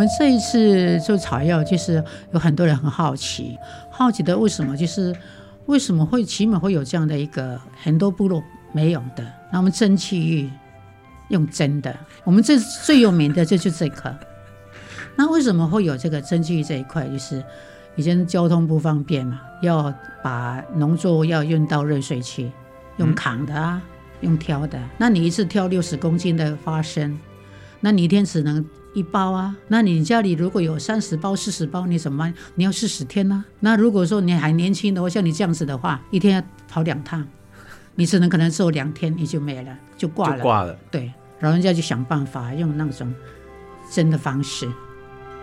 我們這一次做草藥，就是有很多人很好奇，好奇的為什麼，就是為什麼會起碼會有這樣的一個很多部落沒有的。那我們蒸汽浴用蒸的，我們這最有名的就就這一塊。那為什麼會有這個蒸汽浴這一塊？就是以前交通不方便嘛，要把農作物要運到熱水器，用扛的啊，用挑的。那你一次挑六十公斤的花生，那你一天只能。一包啊，那你家裡如果有三十包、四十包，你怎麼辦？你要四十天呢？啊。那如果說你還年輕的話，或像你這樣子的話，一天要跑兩趟，你只能可能做兩天你就沒了，就掛了。掛了。對，老人家就想辦法用那種蒸的方式，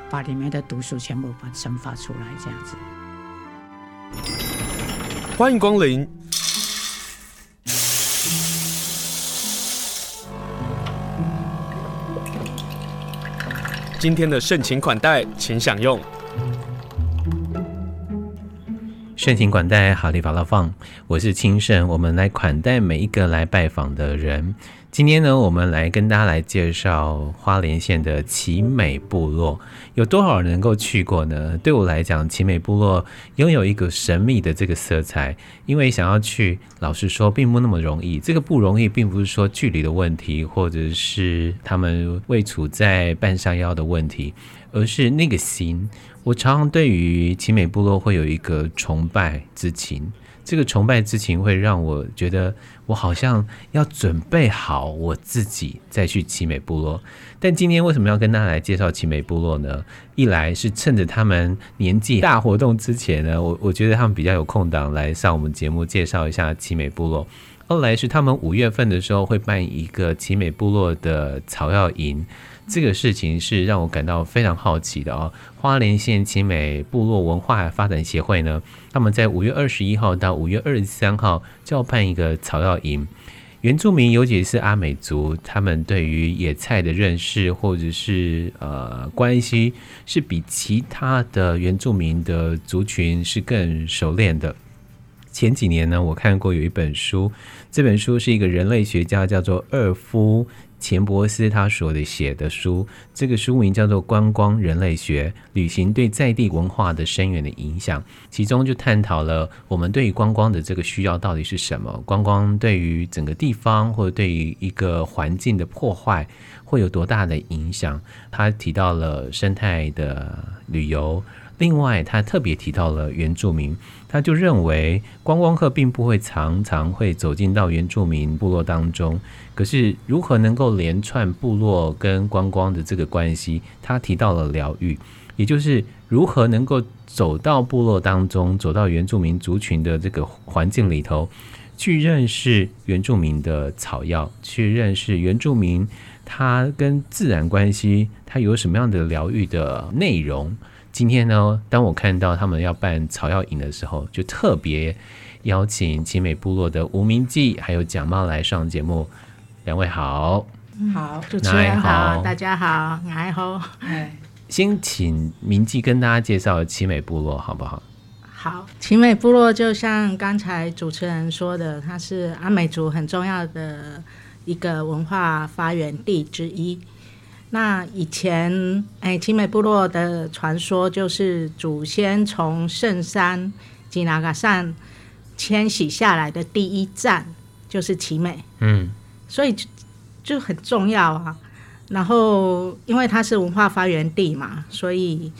把裡面的毒素全部把它蒸發出來，這樣子。歡迎光臨。今天的盛情款待，請享用。盛情款待，哈利法拉放，我是清盛，我們來款待每一個來拜訪的人。今天呢，我們來跟大家來介紹花蓮縣的奇美部落，有多少人能夠去過呢？對我來講，奇美部落擁有一個神秘的這個色彩，因為想要去，老實說，並不那麼容易。這個不容易，並不是說距離的問題，或者是他們位處在半山腰的問題，而是那個心。我常常對於奇美部落會有一個崇拜之情。這個崇拜之情會讓我覺得，我好像要準備好我自己再去奇美部落。但今天為什麼要跟大家來介紹奇美部落呢？一來是趁着他們年紀大活動之前呢，我我覺得他們比較有空檔來上我們節目介紹一下奇美部落；二來是他們五月份的時候會辦一個奇美部落的草藥營。這個事情是讓我感到非常好奇的啊、哦！花蓮縣奇美部落文化發展協會呢，他們在五月二十一號到五月二十三號就要辦一個草藥營。原住民，尤其是阿美族，他們對於野菜的認識或者是呃關係，是比其他的原住民的族群是更熟練的。前幾年呢，我看過有一本書，這本書是一個人類學家叫做厄夫錢伯斯，他所的寫的書，這個書名叫做《觀光人類學：旅行對在地文化的深遠的影響》，其中就探討了我們對於觀光的這個需要到底是什麼，觀光對於整個地方或者對於一個環境的破壞會有多大的影響。他提到了生態的旅遊。另外，他特別提到了原住民，他就認為觀光客並不會常常會走進到原住民部落當中。可是，如何能夠連串部落跟觀光的這個關係？他提到了療癒，也就是如何能夠走到部落當中，走到原住民族群的這個環境裡頭，去認識原住民的草藥，去認識原住民他跟自然關係，他有什麼樣的療癒的內容。今天呢，當我看到他們要辦草藥營的時候，就特別邀請奇美部落的吳明季還有蔣茂來上節目。兩位好。好、嗯，主持人好，大家好，我好。先請明季跟大家介紹奇美部落好不好？嗯、好，奇美部落就像剛才主持人說的，它是阿美族很重要的一個文化發源地之一。那以前，哎，奇美部落的傳說就是祖先從聖山吉拿嘎山遷徙下來的第一站就是奇美。嗯，所以就就很重要啊。然後，因為它是文化發源地嘛，所以，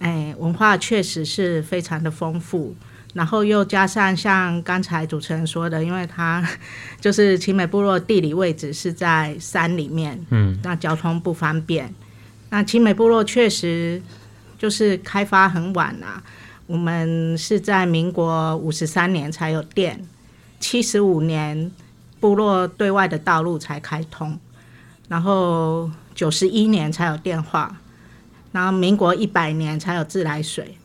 哎，文化確實是非常的豐富。然後又加上像剛才主持人說的，因為它就是奇美部落地理位置是在山裡面，嗯，那交通不方便。那奇美部落確實就是開發很晚啦，啊，我們是在民國五十三年才有電，七十五年部落對外的道路才開通，然後九十一年才有電話，然後民國一百年才有自來水。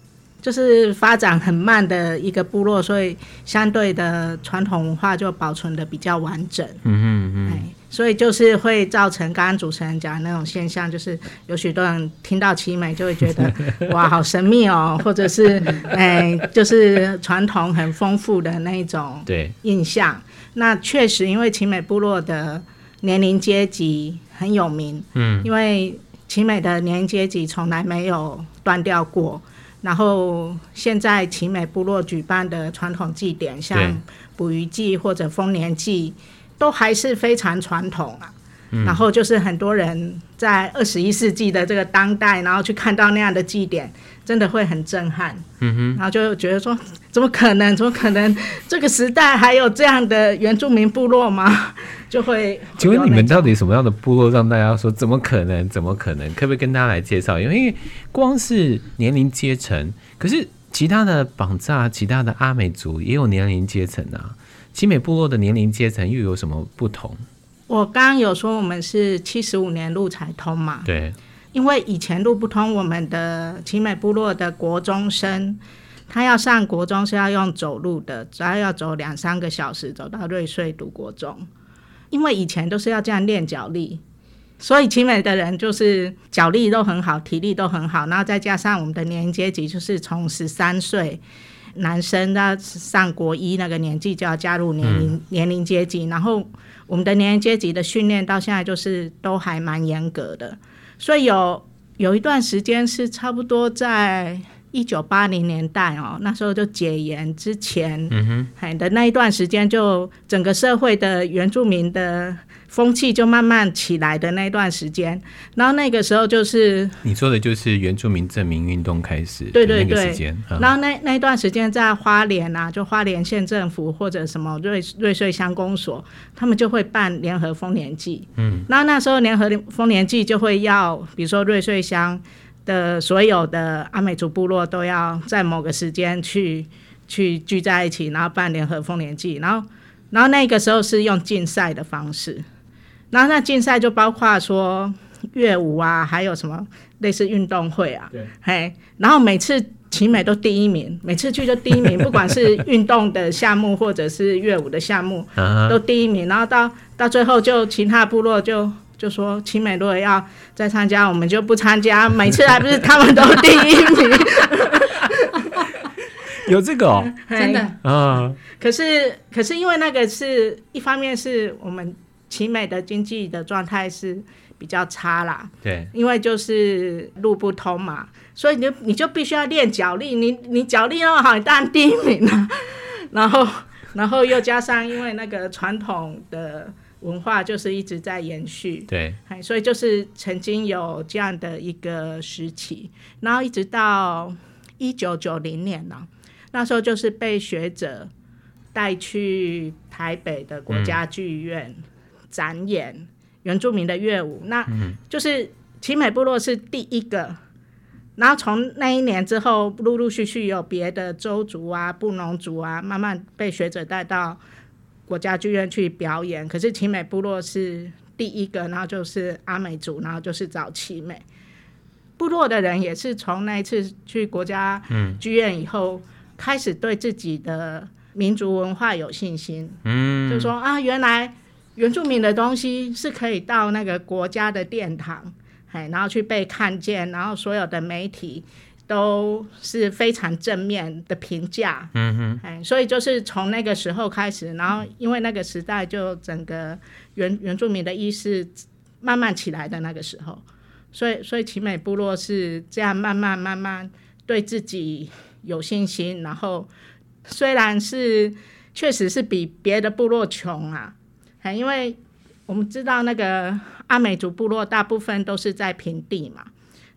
就是發展很慢的一個部落，所以相對的傳統文化就保存的比較完整。嗯嗯嗯、欸。所以就是會造成剛剛主持人講的那種現象，就是有許多人聽到奇美就會覺得 哇，好神秘哦，或者是哎、欸，就是傳統很豐富的那一種印象。對那確實，因為奇美部落的年齡階級很有名。嗯，因為奇美的年齡階級從來沒有斷掉過。然後，現在奇美部落舉辦的傳統祭典，像捕魚祭或者豐年祭，都還是非常傳統啊。然後就是很多人在二十一世紀的這個當代，然後去看到那樣的祭典。真的會很震撼，嗯哼，然後就覺得說，怎麼可能？怎麼可能？這個時代還有這樣的原住民部落嗎？就會。請問你們到底什麼樣的部落讓大家說怎麼可能？怎麼可能？可不可以跟大家來介紹？因為光是年齡階層，可是其他的邦查，其他的阿美族也有年齡階層啊。奇美部落的年齡階層又有什麼不同？我剛剛有說我們是七十五年路才通嘛？對。因為以前路不通，我們的奇美部落的國中生，他要上國中是要用走路的，主要要走兩三個小時，走到瑞穗讀國中。因為以前都是要這樣練腳力，所以奇美的人就是腳力都很好，體力都很好。然後再加上我們的年齡階級，就是從十三歲男生到上國一那個年紀就要加入年齡、嗯、年齡階級，然後我們的年齡階級的訓練到現在就是都還蠻嚴格的。所以有有一段時間是差不多在。一九八零年代哦、喔，那時候就解嚴之前，嗯哼，的那一段時間，就整個社會的原住民的風氣就慢慢起來的那一段時間，然後那個時候就是你說的，就是原住民證明運動開始，對對對，的那個時間，嗯，然後那那一段時間在花蓮啊，就花蓮縣政府或者什麼瑞瑞穗鄉公所，他們就會辦聯合豐年祭，嗯，然後那時候聯合豐年祭就會要，比如說瑞穗鄉。的所有的阿美族部落都要在某個時間去去聚在一起，然後辦聯合豐年祭，然後然後那個時候是用競賽的方式，然後那競賽就包括說樂舞啊，還有什麼類似運動會啊，對，嘿，然後每次奇美都第一名，每次去就第一名， 不管是運動的項目或者是樂舞的項目 都第一名，然後到到最後就其他部落就。就說奇美如果要再參加，我們就不參加。每次還不是他們都第一名， 有這個、哦、hey, 真的，嗯、啊。可是可是因為那個是一方面是我們奇美的經濟的狀態是比較差啦，對，因為就是路不通嘛，所以你就你就必須要練腳力，你你腳力那麼好，你當然第一名了、啊。然後然後又加上因為那個傳統的。文化就是一直在延續，對，所以就是曾經有這樣的一個時期，然後一直到一九九零年、啊、那時候就是被學者帶去台北的國家劇院展演原住民的樂舞，嗯、那就是奇美部落是第一個，嗯、然後從那一年之後，陸陸續續有別的鄒族啊、布農族啊，慢慢被學者帶到。國家劇院去表演，可是奇美部落是第一個，然後就是阿美族，然後就是找奇美部落的人，也是從那一次去國家劇院以後，嗯、開始對自己的民族文化有信心。嗯、就說啊，原來原住民的東西是可以到那個國家的殿堂，哎，然後去被看見，然後所有的媒體。都是非常正面的評價，嗯哼，哎，所以就是從那個時候開始，然後因為那個時代就整個原原住民的意識慢慢起來的那個時候，所以所以奇美部落是這樣慢慢慢慢對自己有信心，然後雖然是確實是比別的部落窮啊，還、哎、因為我們知道那個阿美族部落大部分都是在平地嘛。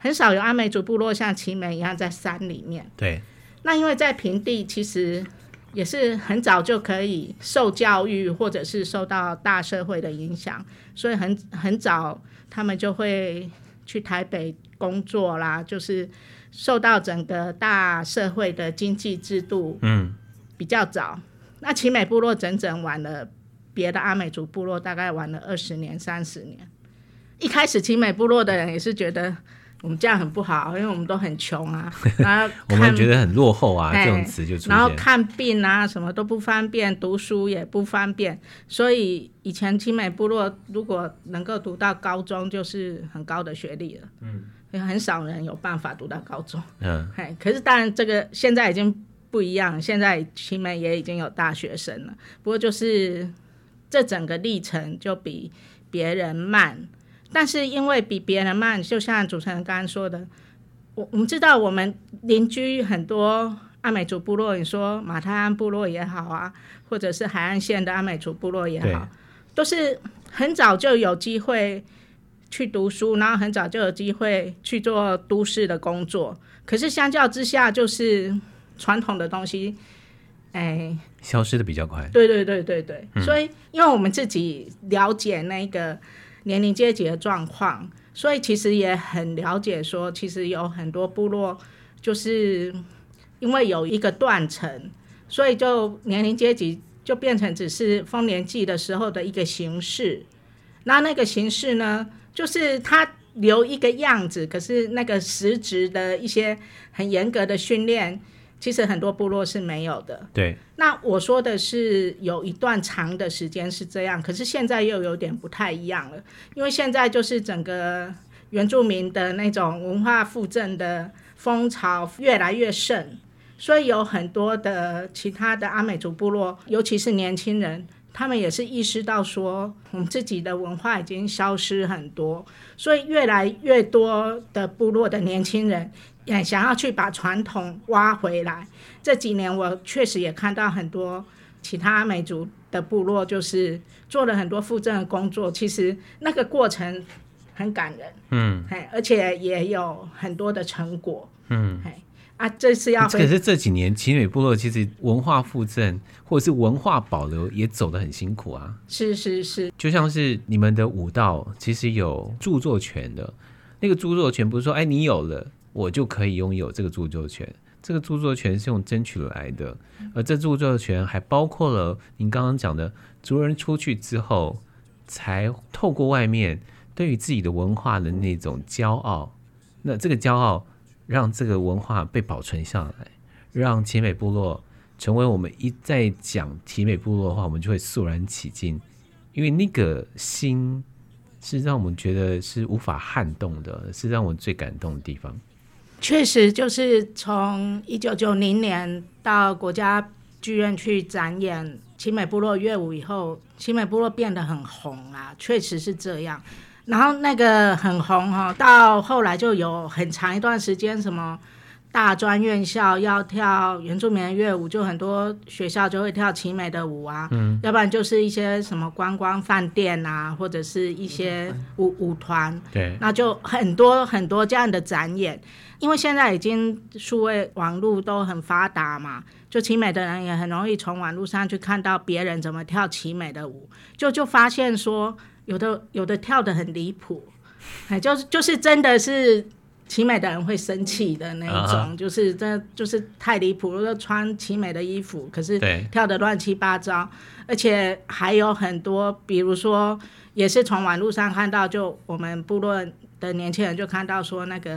很少有阿美族部落像奇美一樣在山裡面。對。那因為在平地，其實也是很早就可以受教育，或者是受到大社會的影響，所以很很早他們就會去台北工作啦，就是受到整個大社會的經濟制度，嗯，比較早。嗯、那奇美部落整整晚了別的阿美族部落大概晚了二十年三十年。一開始奇美部落的人也是覺得，我們這樣很不好，因為我們都很窮啊，然後 我們覺得很落後啊，這種詞就出現。然後看病啊，什麼都不方便，讀書也不方便，所以以前奇美部落如果能夠讀到高中，就是很高的學歷了。嗯，因為很少人有辦法讀到高中。嗯嘿，可是當然這個現在已經不一樣，現在奇美也已經有大學生了，不過就是這整個歷程就比別人慢。但是因為比別人慢，就像主持人剛剛說的，我我們知道我們鄰居很多阿美族部落，你說馬太安部落也好啊，或者是海岸線的阿美族部落也好，對都是很早就有機會去讀書，然後很早就有機會去做都市的工作。可是相較之下，就是傳統的東西，哎，消失的比較快。對對對對對，嗯、所以因為我們自己了解那個。年齡階級的狀況，所以其實也很了解說，說其實有很多部落，就是因為有一個斷層，所以就年齡階級就變成只是豐年祭的時候的一個形式。那那個形式呢，就是它留一個樣子，可是那個實質的一些很嚴格的訓練。其實很多部落是沒有的。對。那我說的是有一段長的時間是這樣，可是現在又有點不太一樣了。因為現在就是整個原住民的那種文化復振的風潮越來越盛，所以有很多的其他的阿美族部落，尤其是年輕人，他們也是意識到說我們、嗯、自己的文化已經消失很多，所以越來越多的部落的年輕人。也想要去把傳統挖回來。這幾年我確實也看到很多其他美族的部落，就是做了很多復振的工作。其實那個過程很感人，嗯，哎，而且也有很多的成果，嗯，哎，啊，這是要。可是這幾年奇美部落其實文化復振或者是文化保留也走得很辛苦啊。是是是，就像是你們的舞蹈，其實有著作權的，那個著作權不是說哎你有了。我就可以擁有這個著作權，這個著作權是用爭取來的，而這著作權還包括了您剛剛講的族人出去之後，才透過外面對於自己的文化的那種驕傲，那這個驕傲讓這個文化被保存下來，讓奇美部落成為我們一再講奇美部落的話，我們就會肅然起敬，因為那個心是讓我們覺得是無法撼動的，是讓我們最感動的地方。確實，就是從一九九零年到國家劇院去展演奇美部落樂舞以後，奇美部落變得很紅啊，確實是這樣。然後那個很紅哈、哦，到後來就有很長一段時間，什麼大專院校要跳原住民樂舞，就很多學校就會跳奇美的舞啊，嗯、要不然就是一些什麼觀光飯店啊，或者是一些舞、嗯、舞團，對，那就很多很多這樣的展演。因為現在已經數位網路都很發達嘛，就奇美的人也很容易從網路上去看到別人怎麼跳奇美的舞，就就發現說有的有的跳得很離譜，哎，就是就是真的是奇美的人會生氣的那一種，uh huh. 就是真的就是太離譜了，穿奇美的衣服，可是跳得亂七八糟，對而且還有很多，比如說也是從網路上看到，就我們部落的年輕人就看到說那個。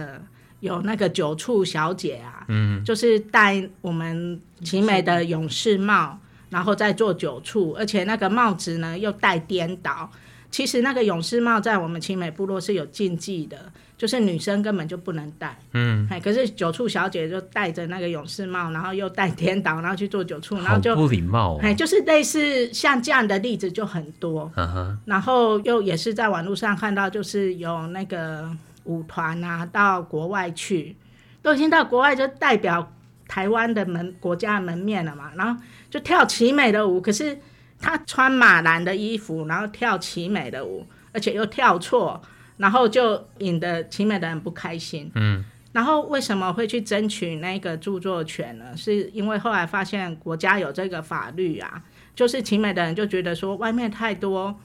有那個酒促小姐啊，嗯，就是戴我們奇美的勇士帽，是然後再做酒促，而且那個帽子呢又戴顛倒。其實那個勇士帽在我們奇美部落是有禁忌的，就是女生根本就不能戴。嗯，可是酒促小姐就戴着那個勇士帽，然後又戴顛倒，然後去做酒促，然後就不禮貌、啊哎。就是類似像這樣的例子就很多。啊、哈然後又也是在網路上看到，就是有那個。舞團啊，到國外去，都已經到國外就代表台灣的門國家門面了嘛。然後就跳奇美的舞，可是他穿馬蘭的衣服，然後跳奇美的舞，而且又跳錯，然後就引得奇美的人不開心。嗯，然後為什麼會去爭取那個著作權呢？是因為後來發現國家有這個法律啊，就是奇美的人就覺得說外面太多。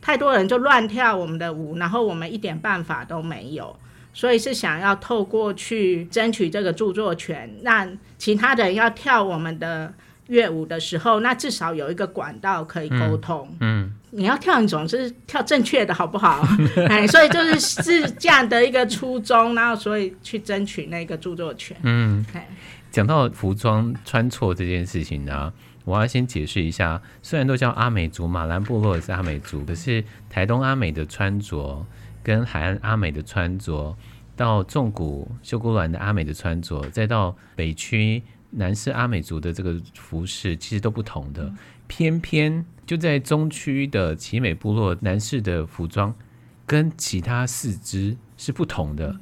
太多人就亂跳我們的舞，然後我們一點辦法都沒有，所以是想要透過去爭取這個著作權，讓其他人要跳我們的樂舞的時候，那至少有一個管道可以溝通，嗯。嗯，你要跳，你總是跳正確的，好不好？哎， 所以就是是這樣的一個初衷，然後所以去爭取那個著作權。嗯，講對到服裝穿錯這件事情呢，啊。我要先解釋一下，雖然都叫阿美族，馬蘭部落也是阿美族，可是台東阿美的穿着跟海岸阿美的穿着，到縱谷秀姑巒的阿美的穿着，再到北區南勢阿美族的這個服飾，其實都不同的。偏偏就在中區的奇美部落，男士的服裝跟其他四支是不同的，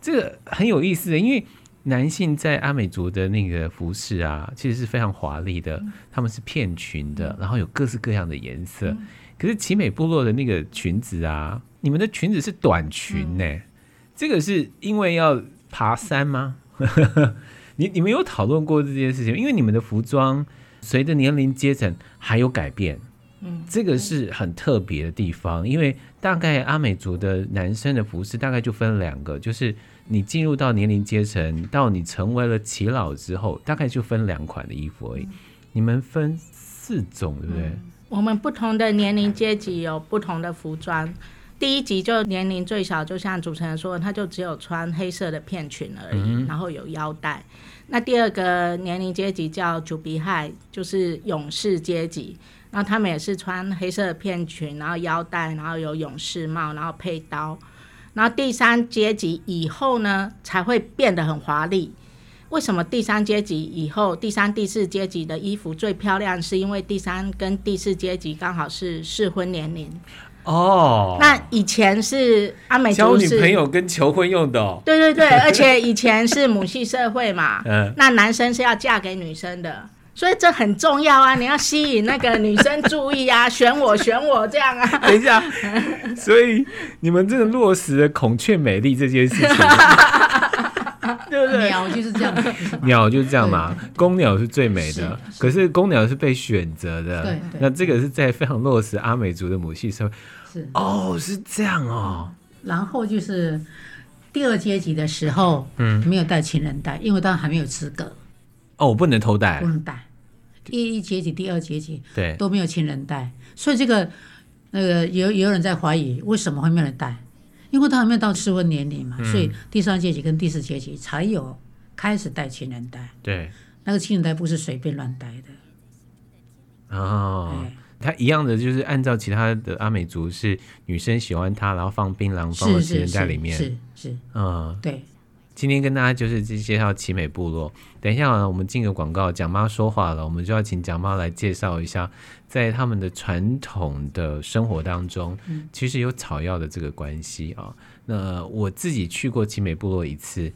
這個很有意思的，因為。男性在阿美族的那個服飾啊，其實是非常華麗的，嗯、他們是片裙的，然後有各式各樣的顏色。嗯、可是奇美部落的那個裙子啊，你們的裙子是短裙呢、欸，嗯、這個是因為要爬山嗎？嗯、 你你們有討論過這件事情？因為你們的服裝隨着年齡階層還有改變，嗯，這個是很特別的地方。因為大概阿美族的男生的服飾大概就分兩個，就是。你進入到年齡階層，到你成為了齊老之後，大概就分兩款的衣服而已。你們分四種，對不對？嗯、我們不同的年齡階級有不同的服裝。第一集就年齡最小，就像主持人說的，他就只有穿黑色的片裙而已，嗯、然後有腰帶。那第二個年齡階級叫主鼻 b 就是勇士階級。那他們也是穿黑色的片裙，然後腰帶，然後有勇士帽，然後配刀。然後第三階級以後呢，才會變得很華麗。為什麼第三階級以後，第三、第四階級的衣服最漂亮？是因為第三跟第四階級剛好是適婚年齡。哦。Oh, 那以前是阿美族是交女朋友跟求婚用的哦。對對對，而且以前是母系社會嘛， 那男生是要嫁給女生的。所以這很重要啊！你要吸引那個女生注意啊，選我，選我這樣啊。等一下，所以你們真的落實了孔雀美麗這件事情，對不對？鳥就是這樣，鳥就是這樣嘛。公鳥是最美的，可是公鳥是被選擇的。對，那這個是在非常落實阿美族的母系社會。是哦，是這樣哦。然後就是第二階級的時候，嗯，沒有帶情人帶，因為我當時還沒有資格。哦，不能偷帶，不能帶。第一,一階級、第二階級，對，都沒有情人袋。所以這個，那、呃、個有有人在懷疑，為什麼會沒有人帶？因為他還沒有到適婚年齡嘛。嗯、所以第三階級跟第四階級才有開始帶情人袋。對，那個情人袋不是隨便亂帶的。哦，他對一樣的就是按照其他的阿美族是女生喜歡他，然後放檳榔放情人袋裡面，是是，是，是，是是，嗯，對。今天跟大家就是介紹奇美部落。等一下啊，我們進個廣告，蔣媽說話了，我們就要請蔣媽來介紹一下，在他們的傳統的生活當中，其實有草藥的這個關係啊。嗯。那我自己去過奇美部落一次，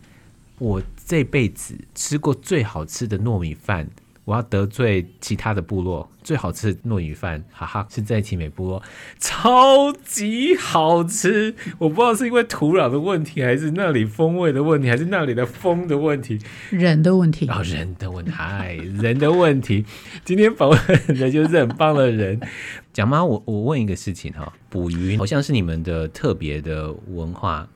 我這輩子吃過最好吃的糯米飯。我要得罪其他的部落，最好吃的糯米飯，哈哈，是在奇美部落，超級好吃。我不知道是因為土壤的問題，還是那裡風味的問題，還是那裡的風的問題，人的問題，哦，人的問題，人的問題。 今天訪問的就是很棒的人，講嘛， 我我問一個事情哈，捕魚好像是你們的特別的文化，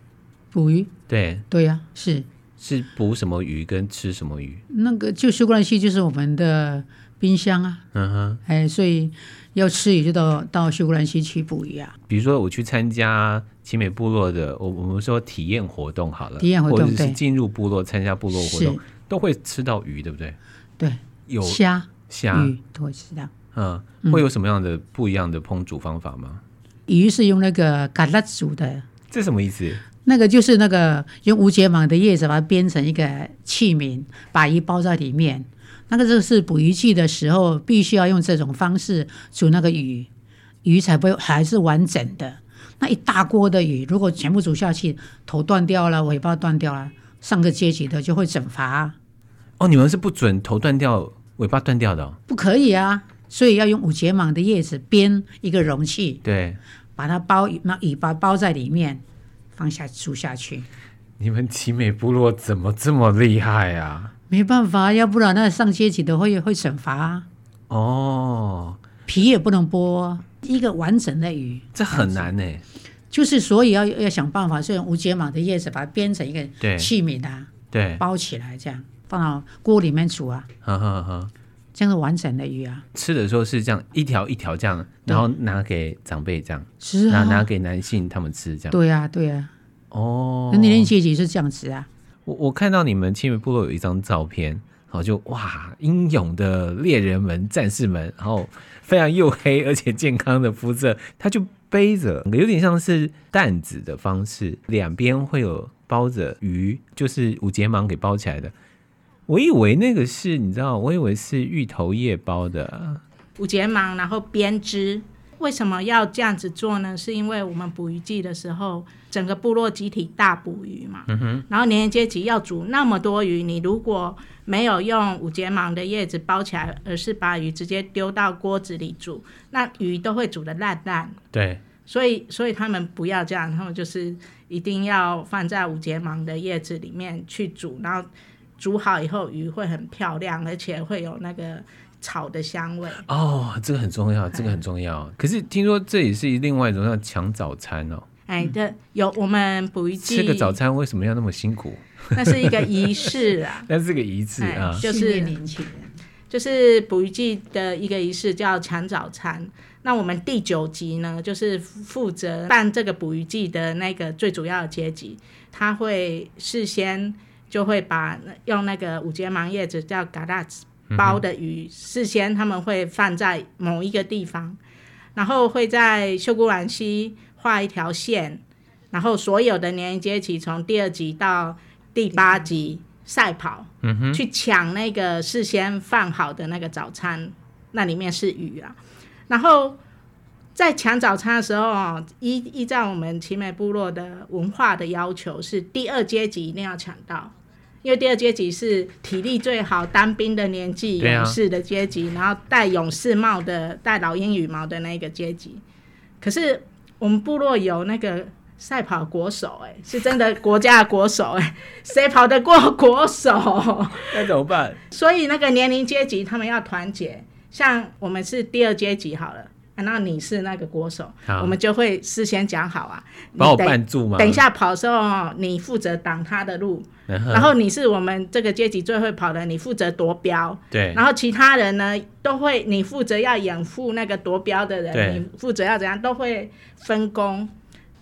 捕魚，對，對呀，啊，是。是捕什麼魚跟吃什麼魚？那個就秀姑巒溪就是我們的冰箱啊，嗯哼，哎，所以要吃魚就到到秀姑巒溪去捕魚啊。比如說我去參加奇美部落的，我我們說體驗活動好了，體驗活動或者是進入部落參加部落活動，都會吃到魚，對不對？對，有蝦、蝦、魚都會吃到。嗯，會有什麼樣的不一樣的烹煮方法嗎？魚是用那個咖拉煮的，這什麼意思？那個就是那個用五節芒的葉子把它編成一個器皿，把魚包在裡面。那個就是捕魚器的時候必須要用這種方式煮那個魚，魚才不會還是完整的。那一大鍋的魚如果全部煮下去，頭斷掉了，尾巴斷掉了，上個階級的就會懲罰。哦，你們是不准頭斷掉、尾巴斷掉的，哦。不可以啊，所以要用五節芒的葉子編一個容器，對，把它包那尾巴包在裡面。放下煮下去，你們奇美部落怎麼這麼厲害啊？沒辦法，要不然那上階級都會會懲罰啊。哦，皮也不能剝，一個完整的魚，這很難呢。就是所以要要想辦法，所以用五節芒的葉子把它編成一個器皿的、啊，對，包起來這樣放到鍋裡面煮啊。呵呵呵像是完整的魚啊，吃的時候是這樣一條一條這樣，然後拿給長輩這樣，對然後拿給男性他們吃這樣。後這樣對呀、啊、對呀、啊，哦，oh, 那你們姐姐是這樣吃啊？我我看到你們奇美部落有一張照片，好就哇，英勇的獵人們戰士們，然後非常黝黑而且健康的膚色，他就背着有點像是擔子的方式，兩邊會有包着魚，就是五節芒給包起來的。我以為那個是你知道，我以為是芋頭葉包的五節芒，然後編織。為什麼要這樣子做呢？是因為我們捕魚季的時候，整個部落集體大捕魚嘛。嗯哼然後年齡階級要煮那麼多魚，你如果沒有用五節芒的葉子包起來，而是把魚直接丟到鍋子裡煮，那魚都會煮得爛爛。對。所以，所以他們不要這樣，他們就是一定要放在五節芒的葉子裡面去煮，然後。煮好以後，魚會很漂亮，而且會有那個炒的香味哦。這個很重要，這個很重要。哎、可是聽說這也是另外一種叫搶早餐哦。哎，對，有我們捕魚季。吃個早餐為什麼要那麼辛苦？那是一個儀式啊。那 是一個儀式啊，就是年輕人，就是捕魚季的一個儀式叫搶早餐。那我們第九集呢，就是負責辦這個捕魚季的那個最主要的階級，他會事先。就會把用那個五節芒葉子叫嘎達包的魚，嗯、哼事先他們會放在某一個地方，然後會在秀姑巒溪畫一條線，然後所有的年齡階級從第二級到第八級賽跑，嗯、哼去搶那個事先放好的那個早餐，那裡面是魚啊，然後在搶早餐的時候啊、哦，依依照我們奇美部落的文化的要求，是第二階級一定要搶到。因為第二階級是體力最好，當兵的年紀、勇、啊、士的階級，然後戴勇士帽的，戴老鷹羽毛的那個階級。可是我們部落有那個賽跑國手、欸，哎，是真的國家的國手、欸，哎，誰跑得過國手？那怎麼辦？所以那個年齡階級他們要團結，像我們是第二階級好了。那你是那個國手，好我們就會事先講好啊。把我絆住嗎？你等，等一下跑的時候、哦，你負責擋他的路。嗯、哼然後你是我們這個階級最會跑的，你負責奪標。對。然後其他人呢，都會你負責要掩護那個奪標的人，對你負責要怎樣，都會分工。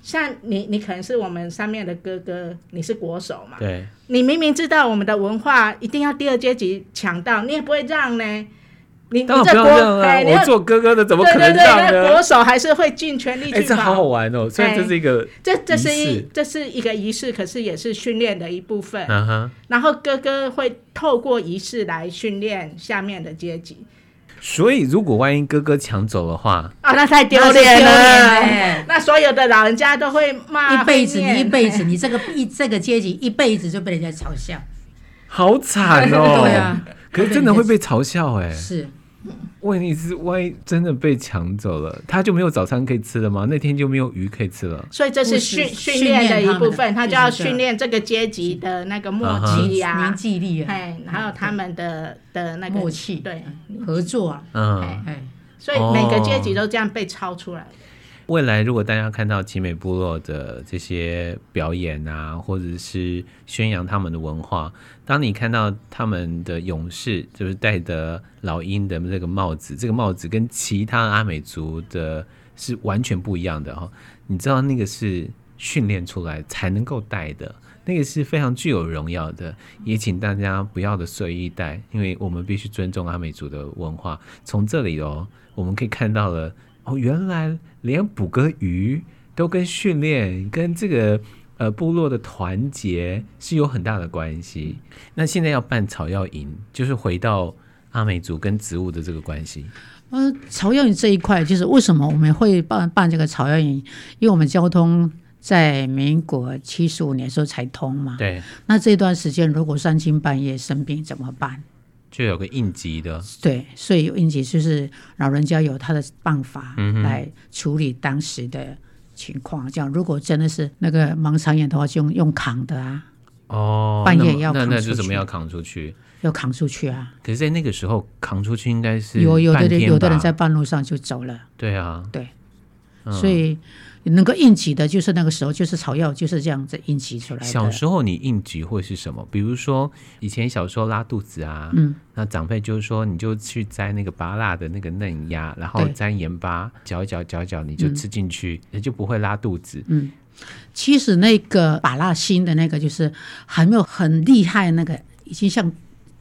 像你，你可能是我們上面的哥哥，你是國手嘛？對。你明明知道我們的文化一定要第二階級搶到，你也不會讓呢？你當然不要這樣啊。我做哥哥的怎麼可能這樣呢？我手還是會盡全力去。哎，這好好玩哦！雖然這是一個這這是一這是一個儀式，可是也是訓練的一部分。然後哥哥會透過儀式來訓練下面的階級。所以，如果萬一哥哥搶走的話，啊，那太丟臉了！那所有的老人家都會罵一輩子，一輩子，你這個一這個階級一輩子就被人家嘲笑，好慘哦！對啊，可是真的會被嘲笑哎，是。問題是，萬一真的被搶走了，他就沒有早餐可以吃了嗎？那天就沒有魚可以吃了。所以這是訓訓練的一部分，他就要訓練這個階級的那個默契啊，凝聚、啊、哈、力啊，還有他們的、啊、的那個默契，對，合作啊，所以每個階級都這樣被操出來。哦未來如果大家看到奇美部落的這些表演啊，或者是宣揚他們的文化，當你看到他們的勇士就是戴的老鷹的那個帽子，這個帽子跟其他阿美族的是完全不一樣的哈、哦。你知道那個是訓練出來才能夠戴的，那個是非常具有榮耀的。也請大家不要的隨意戴，因為我們必須尊重阿美族的文化。從這裡哦，我們可以看到了。哦，原來連捕個魚都跟訓練、跟這個呃部落的團結是有很大的關係。那現在要辦草藥營，就是回到阿美族跟植物的這個關係。呃，草藥營這一塊，就是為什麼我們會辦辦這個草藥營？因為我們交通在民國七十五年時候才通嘛。對。那這段時間如果三更半夜生病怎麼辦？就有個應急的，對，所以應急，就是老人家有他的辦法來處理當時的情況。嗯哼，這樣，如果真的是那個盲腸炎的話，就用用扛的啊。哦，半夜要扛那，那那是怎麼要扛出去？要扛出去啊！可是，在那個時候扛出去應該是有有的有的人在半路上就走了。對啊，對。嗯、所以能夠應急的，就是那個時候，就是草藥就是這樣子應急出來的。小時候你應急會是什麼？比如說以前小時候拉肚子啊，嗯，那長輩就是說，你就去摘那個芭樂的那個嫩芽，然後沾鹽巴對嚼一嚼嚼一嚼，你就吃進去，那、嗯、就不會拉肚子。嗯，其實那個芭樂心的那個，就是還沒有很厲害，那個已經像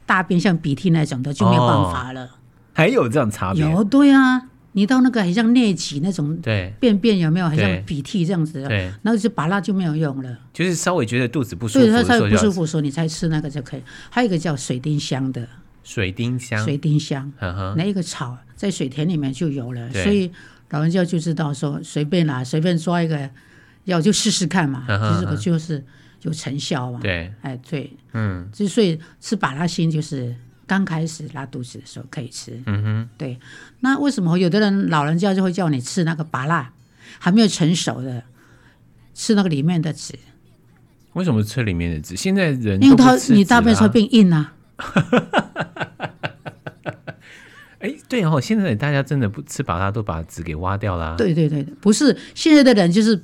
大便、像鼻涕那種的，就沒有辦法了、哦。還有這樣差別？有，對啊。你到那個很像內急那種，對，便便有沒有？對很像鼻涕這樣子的，對，那就巴拉就沒有用了。就是稍微覺得肚子不舒服，對，稍微不舒服的時候你再吃那個就可以。還有一個叫水丁香的，水丁香，水丁香，那、嗯、哼一個草在水田裡面就有了，對所以老人家就知道說隨，隨便拿，隨便抓一個藥就試試看嘛，其實、嗯、哼就是有成效嘛。對，哎，對，嗯，所以吃巴拉星就是。剛開始拉肚子的時候可以吃，嗯哼，對。那為什麼有的人老人家就會叫你吃那個芭樂還沒有成熟的，吃那個裡面的籽？為什麼吃裡面的籽？現在人、啊、因為他你大便說變硬了、啊。哈哈哈！哈哈！哈哈！哎，對哦，現在大家真的不吃芭樂都把籽給挖掉了、啊。對對對，不是現在的人就是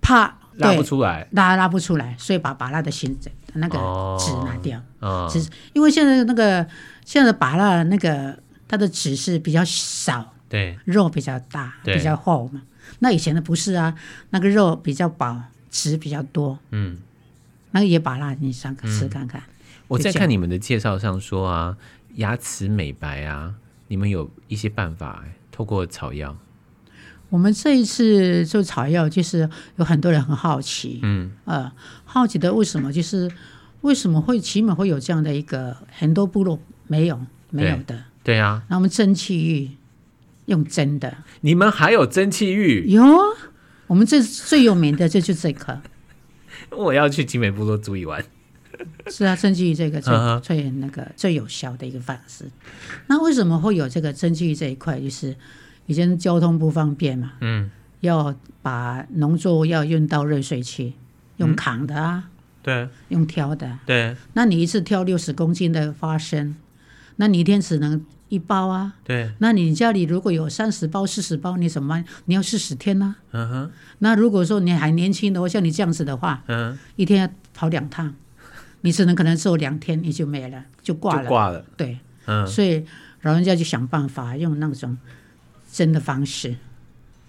怕。對拉不出來，拉拉不出來，所以把把蠟的心子那個紙拿掉，紙、哦哦，因為現在那個現在的把蠟那個它的紙是比較少，對，肉比較大，比較厚嘛。對那以前的不是啊，那個肉比較薄，紙比較多。嗯，那個也把蠟，你上去吃看看。嗯、我在看你們的介紹上說啊，牙齒美白啊，你們有一些辦法、欸，透過草藥。我們這一次做草藥，就是有很多人很好奇，嗯，呃，好奇的為什麼就是為什麼會，奇美會有這樣的一個很多部落沒有沒有的，對呀。那、啊、我們蒸汽浴用蒸的，你們還有蒸汽浴喲？我們這最有名的就 就這一、個、我要去奇美部落住一晚。 是啊，蒸汽浴這個最 最，最那個最有效的一個方式。 那為什麼會有這個蒸汽浴這一塊？就是。以前交通不方便嘛，嗯，要把農作物要運到瑞穗去，嗯、用扛的啊，對，用挑的，對。那你一次挑六十公斤的花生，那你一天只能一包啊，對。那你家裡如果有三十包、四十包，你怎麼辦？你要四十天呢、啊？嗯哼、uh。Huh、那如果說你還年輕的話，像你這樣子的話，嗯、uh，huh、一天要跑兩趟，你只能可能做兩天，你就沒了，就掛了。掛了。對。嗯、uh。Huh、所以老人家就想辦法用那種。蒸的方式，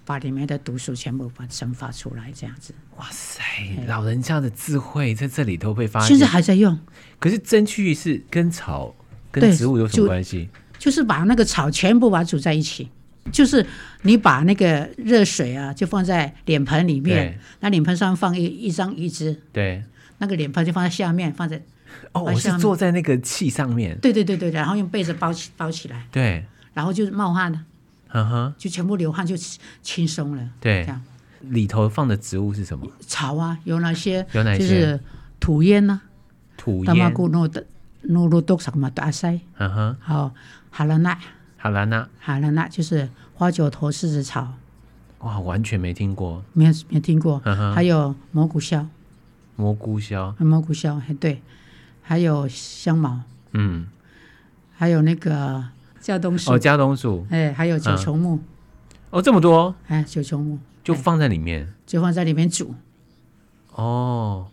把裡面的毒素全部把蒸發出來，這樣子。哇塞！對老人家的智慧在這裡都被發現，現在還在用。可是蒸汽是跟草跟植物有什麼關係？就是把那個草全部把它煮在一起，嗯、就是你把那個熱水啊，就放在臉盆裡面，那臉對盆上放一一張椅子，對，那個臉盆就放在下面，放在哦，我是坐在那個氣上面，對對對對，然後用被子包起包起來，對，然後就是冒汗了。就全部流汗就輕鬆了。對，這樣裡頭放的植物是什麼？草啊，有哪些？就是土煙呢？土煙。大麻古諾的諾魯多什嘛多阿西。呵呵。好，哈拉納。哈拉納。哈拉納就是花椒頭、獅子草。哇，完全沒聽過，沒沒聽過。還有蘑菇肖。蘑菇肖。蘑菇肖，還對。還有香茅。嗯。還有那個。加冬薯哦，加冬薯，哎，還有九重木哦，這麼多哎，九重木就放在裡面，就放在裡面煮哦，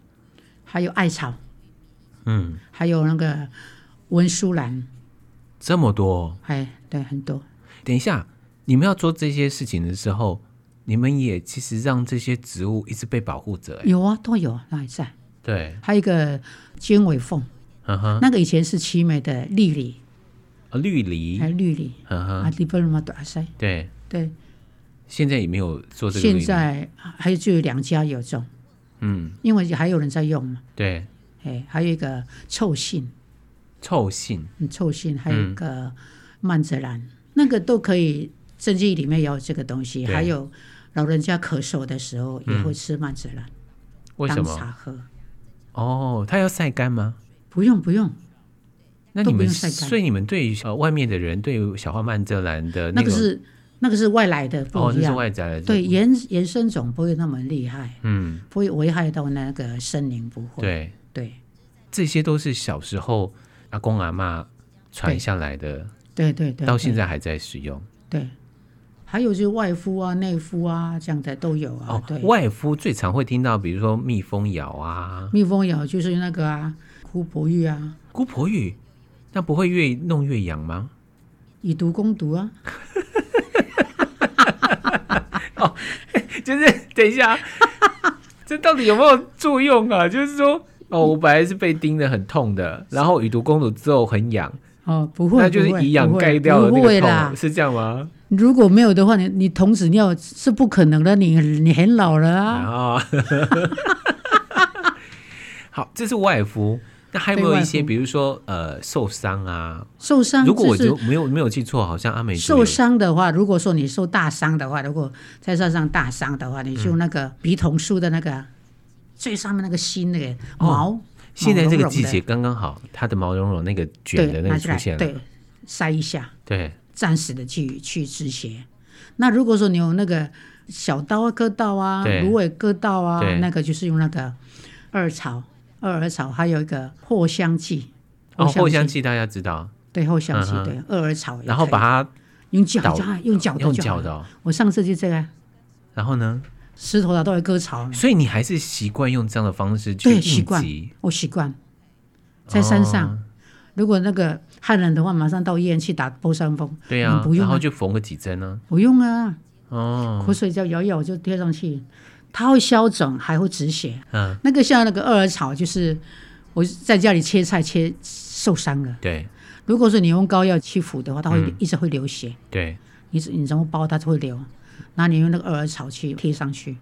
還有艾草，嗯，還有那個文殊蘭，這麼多哎，對，很多。等一下，你們要做這些事情的時候，你們也其實讓這些植物一直被保護着，有啊，都有，那也是。對，還有一個尖尾鳳，嗯哼，那個以前是奇美的莉莉。綠梨，還有綠梨，對對，現在也沒有做這個。現在還有就有兩家有種，嗯，因為還有人在用嘛。對，哎，還有一個臭杏，臭杏，臭杏，還有一個曼澤蘭，那個都可以，蒸汽裡面也有這個東西。還有老人家咳嗽的時候也會吃曼澤蘭，當茶喝。哦，他要曬乾嗎？不用，不用。那你們所以你們對於呃、外面的人對於小花蔓澤蘭的那個，那個是外來的，不一樣，哦，那是外來的對，延延伸種不會那麼厲害，嗯，不會危害到那個森林，不會對，對，這些都是小時候阿公阿嬤傳下來的，對對對，到現在還在使用，對，還有就是外敷啊內敷啊這樣的都有啊，外敷最常會聽到比如說蜜蜂咬啊，蜜蜂咬就是那個啊，姑婆芋啊，姑婆芋。那不會越弄越癢嗎？以毒攻毒啊！哦，就是等一下，這到底有沒有作用啊？就是說，哦，我本來是被叮的很痛的，然後以毒攻毒之後很癢。哦，不會，那就是以癢蓋掉了那個痛，是這樣嗎？如果沒有的話，你你童子尿是不可能的，你你很老了啊！好，這是外敷。那還沒有一些，嗯、比如說，呃，受傷啊，受傷。如果我沒有沒有記錯，好像阿美受傷的話，如果說你受大傷的話，如果再加上大傷的話，嗯、你就那個筆筒樹的那個最上面那個心的毛，哦。現在這個季節剛剛好，它的毛茸茸那個捲的那個出現了，對，對，塞一下，對，暫時的去去止血。那如果說你用那個小刀割到啊，蘆葦割到啊，那個就是用那個二草。二耳草還有一個藿香劑，哦，藿香劑大家知道對，藿香劑對，二耳草。然後把它用腳扎，用腳用腳的。我上次就這個。然後呢？石頭了都會割草。所以你還是習慣用這樣的方式去應急，對，習慣。我習慣在山上，如果那個寒冷的話，馬上到醫院去打破傷風。對呀，不用，然後就縫個幾針啊？不用啊，哦，口水就咬咬就貼上去。它會消腫，還會止血。嗯，那個像那個艾葉草，就是我在家裡切菜切受傷了。對，如果說你用膏藥去敷的話，它會一直會流血。嗯、對，你你怎麼包它就會流。那你用那個艾葉草去貼上去，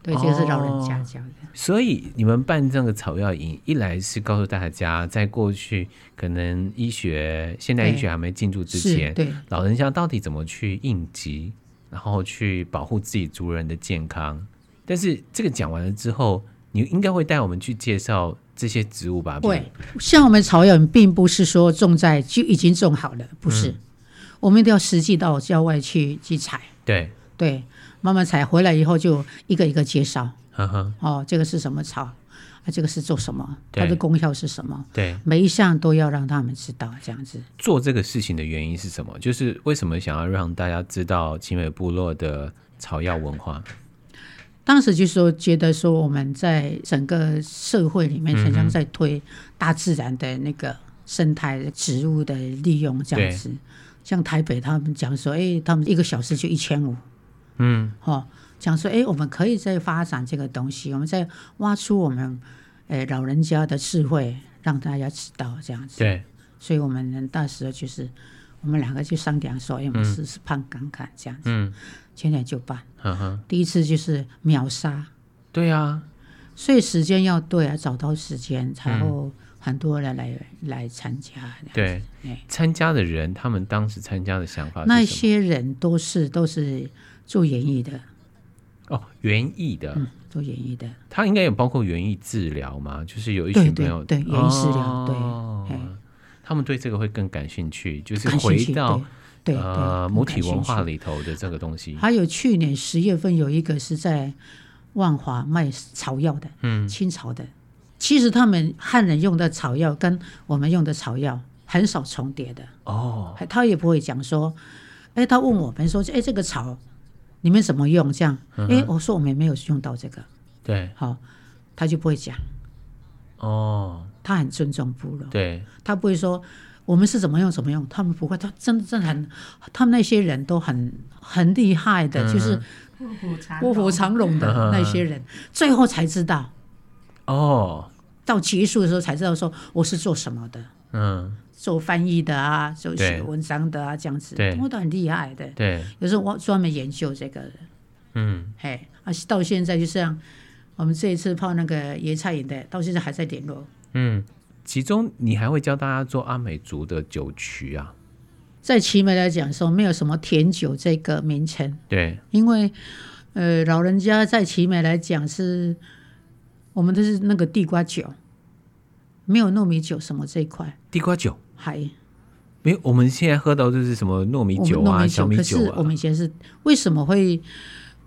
對，這個是老人家教的、哦。所以你們辦這個草藥營，一來是告訴大家，在過去可能醫學、現代醫學還沒進駐之前，對,對老人家到底怎麼去應急，然後去保護自己族人的健康。但是這個講完了之後，你應該會帶我們去介紹這些植物吧？對，像我們草藥，並不是說種在就已經種好了，不是，嗯、我們一定要實際到郊外去去採。對，對，慢慢採回來以後，就一個一個介紹。呵呵、啊哈，哦，這個是什麼草？啊，這個是做什麼？它的功效是什麼？對，每一項都要讓他們知道。這樣子做這個事情的原因是什麼？就是為什麼想要讓大家知道奇美部落的草藥文化？當時就說覺得說我們在整個社會裡面，常常在推大自然的那個生態植物的利用這樣子。對像台北他們講說，哎，他們一個小時就一千五，嗯，哈、哦，講說哎，我們可以再發展這個東西，我們再挖出我們哎老人家的智慧，讓大家知道這樣子。對，所以我們呢，當時候就，就是我們兩個就商量說，我沒試試胖看干這樣子。嗯嗯現在就辦，第一次就是秒殺。對啊，所以時間要對啊，找到時間，然後很多人來來參加。對，參加的人，他們當時參加的想法是什麼？那些人都是都是做園藝的。哦，園藝的，做園藝的，他應該有包括園藝治療嘛？就是有一群朋友對園藝治療，對，他們對這個會更感興趣，就是回到。對，對，母對，對，母體文化裡頭的這個東西。還有去年十月份有一個是在萬華賣草藥的，嗯，青草的。其實他們漢人用的草藥跟我們用的草藥很少重疊的。哦。他也不會講說，哎，他問我們說，哎，這個草你們怎麼用？這樣，哎、嗯哼，我說我們沒有用到這個。對。好，他就不會講。哦。他很尊重部落。對。他不會說。我們是怎麼用，怎麼用？他們不會，他真的真的很，他們那些人都很很厲害的，嗯、哼就是臥虎藏臥虎藏龍的那些人，嗯、哼最後才知道哦，到結束的時候才知道說我是做什麼的，嗯，做翻譯的啊，做寫文章的啊，對這樣子，都對都很厲害的，對，有時候我專門研究這個，嗯，嘿，啊，到現在就像我們這一次泡那個野菜飲的，到現在還在聯絡，嗯。其中，你還會教大家做阿美族的酒曲啊？在奇美來講，說沒有什麼甜酒這個名稱。對，因為呃，老人家在奇美來講是，我們都是那個地瓜酒，沒有糯米酒什麼這一塊。地瓜酒，嗨。沒有。我們現在喝到就是什麼糯米酒啊、糯米酒小米酒啊。可是我們以前是為什麼會？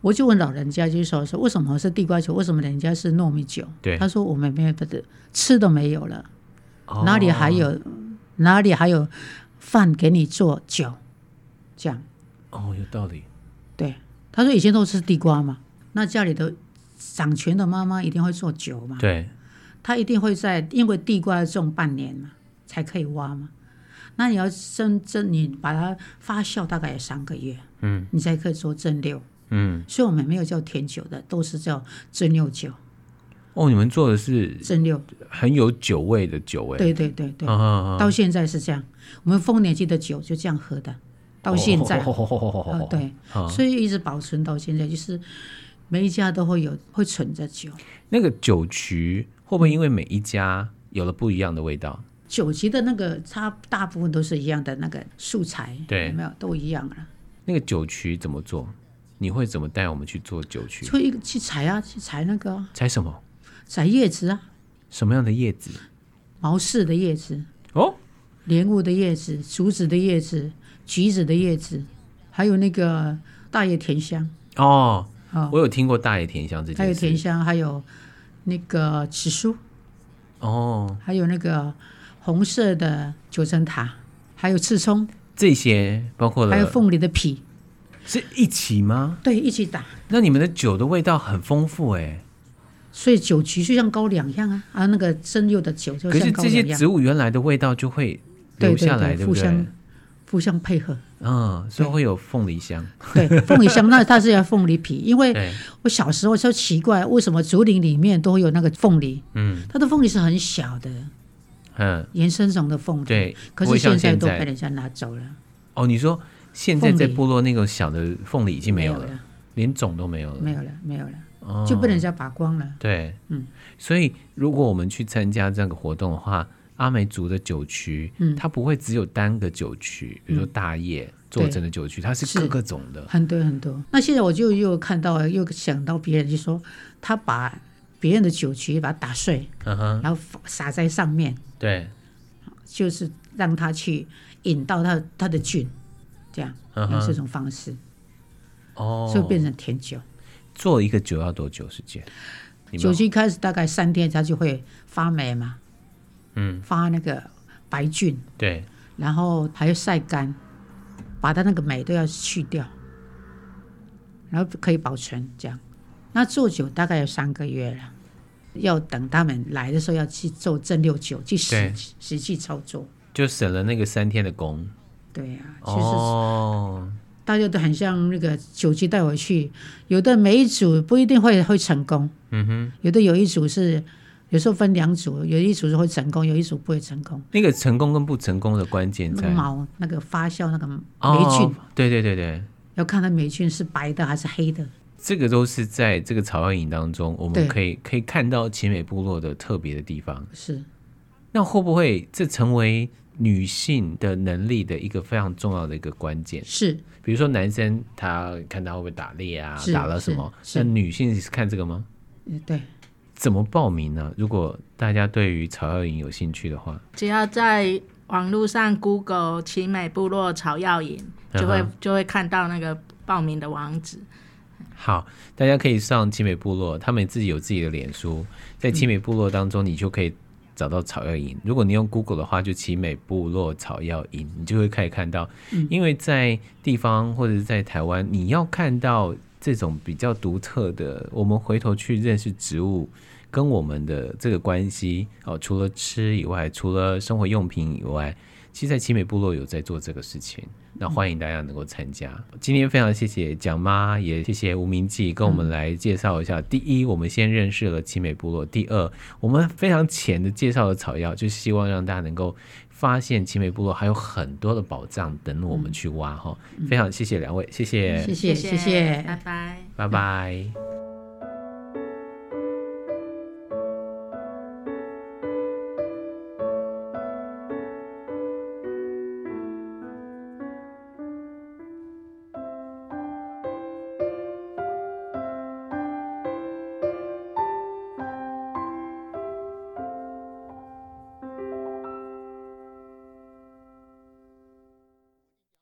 我就問老人家，就說說為什麼是地瓜酒？為什麼人家是糯米酒？對，他說我們沒有，吃都沒有了。哪裡還有、oh. 哪裡還有飯給你做酒，這樣？哦，oh, 有道理。對，他說以前都是地瓜嘛，那家裡的掌權的媽媽一定會做酒嘛。對，他一定會在，因為地瓜要種半年嘛，才可以挖嘛。那你要蒸蒸，你把它發酵大概有三個月，嗯，你才可以做蒸餾。嗯，所以我們也沒有叫甜酒的，都是叫蒸餾酒。哦，你們做的是蒸餾，很有酒味的酒味、欸。對對對對，啊、哈哈到現在是這樣。我們豐年祭的酒就這樣喝的，到現在，對，啊、所以一直保存到現在，就是每一家都會有會存着酒。那個酒麴會不會因為每一家有了不一樣的味道？酒麴的那個，它大部分都是一樣的那個素材，對有沒有都一樣了？那個酒麴怎麼做？你會怎麼帶我們去做酒麴？做一個去採啊，去採那個、哦，採什麼？摘葉子啊，什麼樣的葉子？毛柿的葉子，哦，蓮霧的葉子，竹子的葉子，橘子的葉子，還有那個大葉田香，哦，哦，我有聽過大葉田香這，還有田香，還有那個紫蘇，哦，還有那個紅色的九層塔，還有刺蔥，這些包括了還有鳳梨的皮，是一起嗎？對，一起打。那你們的酒的味道很豐富、欸，哎。所以酒麴，像高粱一樣啊，啊那個生柚的酒就像高粱一樣。可是這些植物原來的味道就會留下來，對不對？互相配合。嗯，所以會有鳳梨香。對，鳳梨香，那它是要鳳梨皮，因為我小時候就奇怪，為什麼竹林裡面都會有那個鳳梨？嗯，它的鳳梨是很小的，嗯，野生種的鳳梨。對，可是現在都被人家拿走了。哦，你說現在在部落那個小的鳳梨已經沒有了，連種都沒有了，沒有了，沒有了。Oh, 就被人家拔光了。對，嗯，所以如果我們去參加這個活動的話，阿美族的酒曲，嗯，它不會只有單個酒曲，比如說大葉做、嗯、成的酒曲，它是各個種的，很多很多。那現在我就又看到，又想到別人就說，他把別人的酒曲把它打碎，uh huh、然後撒在上面，對、uh，huh、就是讓他去引到他他的菌，這樣、uh huh、用這種方式，哦，就變成甜酒。做一個酒要多久時間？酒精開始大概三天，它就會發霉嘛。嗯，發那個白菌。對。然後還要曬乾，把它那個霉都要去掉，然後可以保存這樣。那做酒大概要三個月了，要等他們來的時候要去做蒸餾酒，去實實際操作。就省了那個三天的工。對呀、啊。其實哦。大家都很像那個酒麴帶回去，有的每一組不一定會會成功，嗯哼，有的有一組是有時候分兩組，有一組是會成功，有一組不會成功。那個成功跟不成功的關鍵在毛那個發酵那個黴菌、哦，對對對，對要看它黴菌是白的還是黑的。這個都是在這個草藥營當中，我們可以對可以看到奇美部落的特別的地方。是，那會不會這成為女性的能力的一個非常重要的一個關鍵？是。比如說男生他看他會不會打獵啊，是打了什麼？那女性是看這個嗎？嗯，對。怎麼報名呢？如果大家對於草藥營有興趣的話，只要在網絡上 Google 奇美部落草藥營，就會、uh huh、就會看到那個報名的網址。好，大家可以上奇美部落，他們自己有自己的臉書，在奇美部落當中，你就可以、嗯。找到草藥營，如果你用 Google 的話，就奇美部落草藥營，你就會可以看到。嗯、因為在地方或者是在台灣，你要看到這種比較獨特的，我們回頭去認識植物跟我們的這個關係哦、呃。除了吃以外，除了生活用品以外。其實在奇美部落有在做這個事情，那歡迎大家能夠參加。嗯、今天非常謝謝蔣媽，也謝謝吳明季跟我們來介紹一下。嗯、第一，我們先認識了奇美部落；第二，我們非常淺的介紹了草藥，就是、希望讓大家能夠發現奇美部落還有很多的寶藏等我們去挖哈。嗯、非常謝謝兩位謝謝、嗯，謝謝，謝謝，謝謝，拜拜，拜拜。